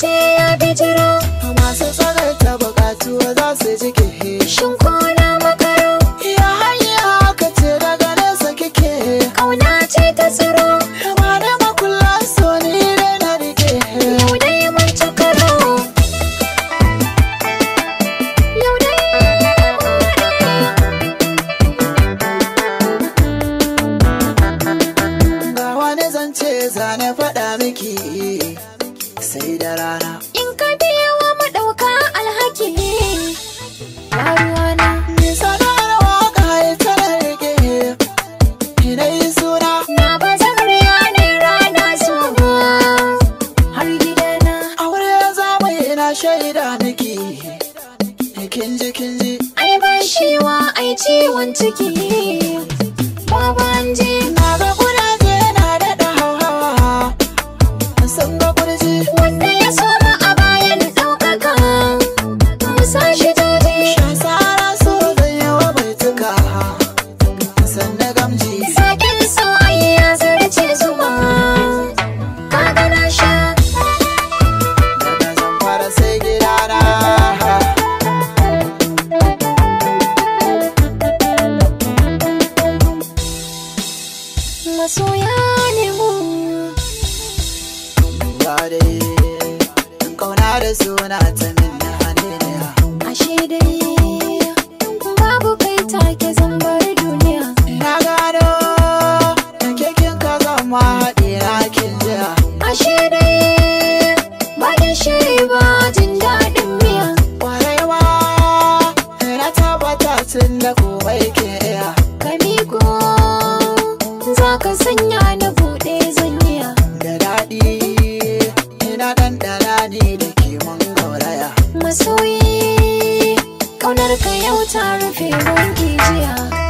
ce ya bijiro masu tsanaita bukatu za su ji kihe shin ko na makaro ya hanya haka ce daga nesa kike kauna ce ta tsiro ba da makulla so ni na rike yau dai karo yau dai ga wani zance zane faɗa miki sai da rana in ka biya wa maɗauka alhaki na ni ya tara rike suna na ne rana su ba har gidana aure za mu yi na shaida nake kin ai shiwa ciwon ciki baban ji masoya ne mu Kauna da suna ta min ka sanya na buɗe zanya da daɗi ina ɗanɗana ne da ke man gauraya masoyi ƙaunar ka yau ta rufe banki jiya